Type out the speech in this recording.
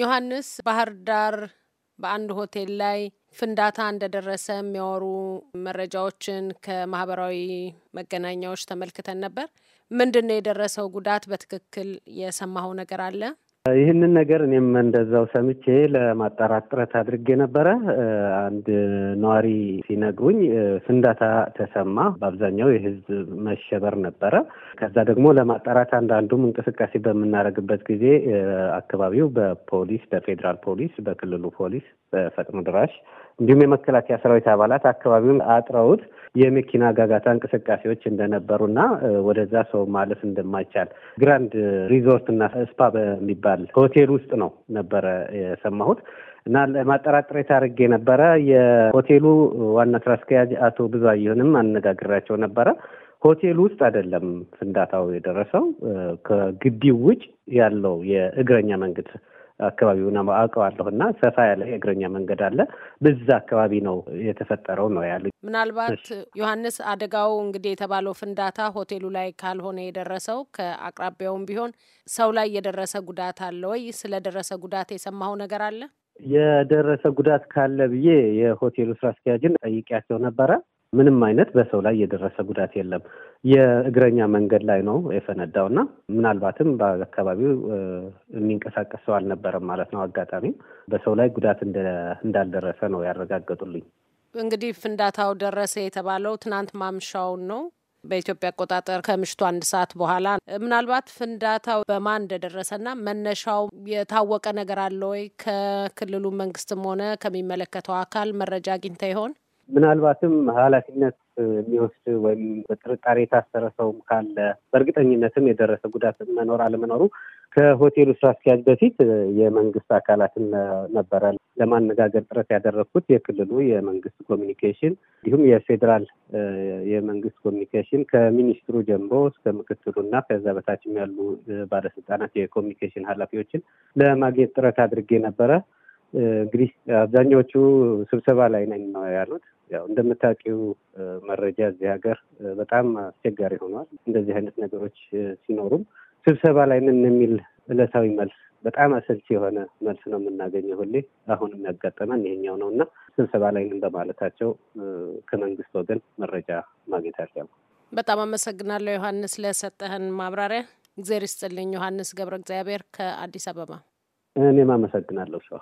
ዮሐንስ ባህር ዳር በአንድ ሆቴል ላይ ፍንዳታ እንደደረሰ የሚያወሩ መረጃዎችን ከማህበራዊ መገናኛዎች ተመልክተን ነበር። ምንድን ነው የደረሰው ጉዳት? በትክክል የሰማኸው ነገር አለ? ይህንን ነገር እኔም እንደዛው ሰምቼ ለማጣራት ጥረት አድርጌ ነበረ። አንድ ነዋሪ ሲነግሩኝ ፍንዳታ ተሰማ፣ በአብዛኛው የህዝብ መሸበር ነበረ። ከዛ ደግሞ ለማጣራት አንዳንዱም እንቅስቃሴ በምናደርግበት ጊዜ አካባቢው በፖሊስ በፌዴራል ፖሊስ፣ በክልሉ ፖሊስ፣ በፈጥኖ ድራሽ እንዲሁም የመከላከያ ሰራዊት አባላት አካባቢውን አጥረውት የመኪና ጋጋታ እንቅስቃሴዎች እንደነበሩና ወደዛ ሰው ማለፍ እንደማይቻል ግራንድ ሪዞርት እና ስፓ በሚባል ይባላል ሆቴል ውስጥ ነው ነበረ የሰማሁት እና ለማጠራጥሬት አድርጌ ነበረ። የሆቴሉ ዋና ስራ አስኪያጅ አቶ ብዙአየሁንም አነጋግራቸው ነበረ። ሆቴል ውስጥ አይደለም ፍንዳታው የደረሰው፣ ከግቢው ውጭ ያለው የእግረኛ መንገድ አካባቢውን አውቀዋለሁ እና ሰፋ ያለ የእግረኛ መንገድ አለ። በዛ አካባቢ ነው የተፈጠረው ነው ያሉ። ምናልባት ዮሐንስ፣ አደጋው እንግዲህ የተባለው ፍንዳታ ሆቴሉ ላይ ካልሆነ የደረሰው ከአቅራቢያውም ቢሆን ሰው ላይ የደረሰ ጉዳት አለ ወይ? ስለደረሰ ጉዳት የሰማው ነገር አለ? የደረሰ ጉዳት ካለ ብዬ የሆቴሉ ስራ አስኪያጅን ጠይቄያቸው ነበረ። ምንም አይነት በሰው ላይ የደረሰ ጉዳት የለም። የእግረኛ መንገድ ላይ ነው የፈነዳው እና ምናልባትም በአካባቢው የሚንቀሳቀስ ሰው አልነበረም ማለት ነው። አጋጣሚ በሰው ላይ ጉዳት እንዳልደረሰ ነው ያረጋገጡልኝ። እንግዲህ ፍንዳታው ደረሰ የተባለው ትናንት ማምሻውን ነው በኢትዮጵያ አቆጣጠር ከምሽቱ አንድ ሰዓት በኋላ። ምናልባት ፍንዳታው በማን እንደደረሰና መነሻው የታወቀ ነገር አለ ወይ? ከክልሉ መንግስትም ሆነ ከሚመለከተው አካል መረጃ አግኝተ ይሆን? ምናልባትም ኃላፊነት የሚወስድ ወይም በጥርጣሬ የታሰረ ሰውም ካለ በእርግጠኝነትም የደረሰ ጉዳት መኖር አለመኖሩ ከሆቴሉ ስራ አስኪያጅ በፊት የመንግስት አካላትን ነበረ ለማነጋገር ጥረት ያደረግኩት። የክልሉ የመንግስት ኮሚኒኬሽን እንዲሁም የፌዴራል የመንግስት ኮሚኒኬሽን ከሚኒስትሩ ጀምሮ እስከ ምክትሉ እና ከዛ በታችም ያሉ ባለስልጣናት የኮሚኒኬሽን ኃላፊዎችን ለማግኘት ጥረት አድርጌ ነበረ። እንግዲህ አብዛኛዎቹ ስብሰባ ላይ ነኝ ነው ያሉት። ያው እንደምታውቂው መረጃ እዚህ ሀገር በጣም አስቸጋሪ ሆኗል። እንደዚህ አይነት ነገሮች ሲኖሩም ስብሰባ ላይ ምን የሚል እለታዊ መልስ በጣም አሰልቺ የሆነ መልስ ነው የምናገኘው ሁሌ። አሁን የሚያጋጠመን ይሄኛው ነው እና ስብሰባ ላይ ምን በማለታቸው ከመንግስት ወገን መረጃ ማግኘት አልቻልኩም። በጣም አመሰግናለሁ ዮሐንስ ለሰጠህን ማብራሪያ። እግዜር ይስጥልኝ። ዮሐንስ ገብረ እግዚአብሔር ከአዲስ አበባ። እኔም አመሰግናለሁ ሰው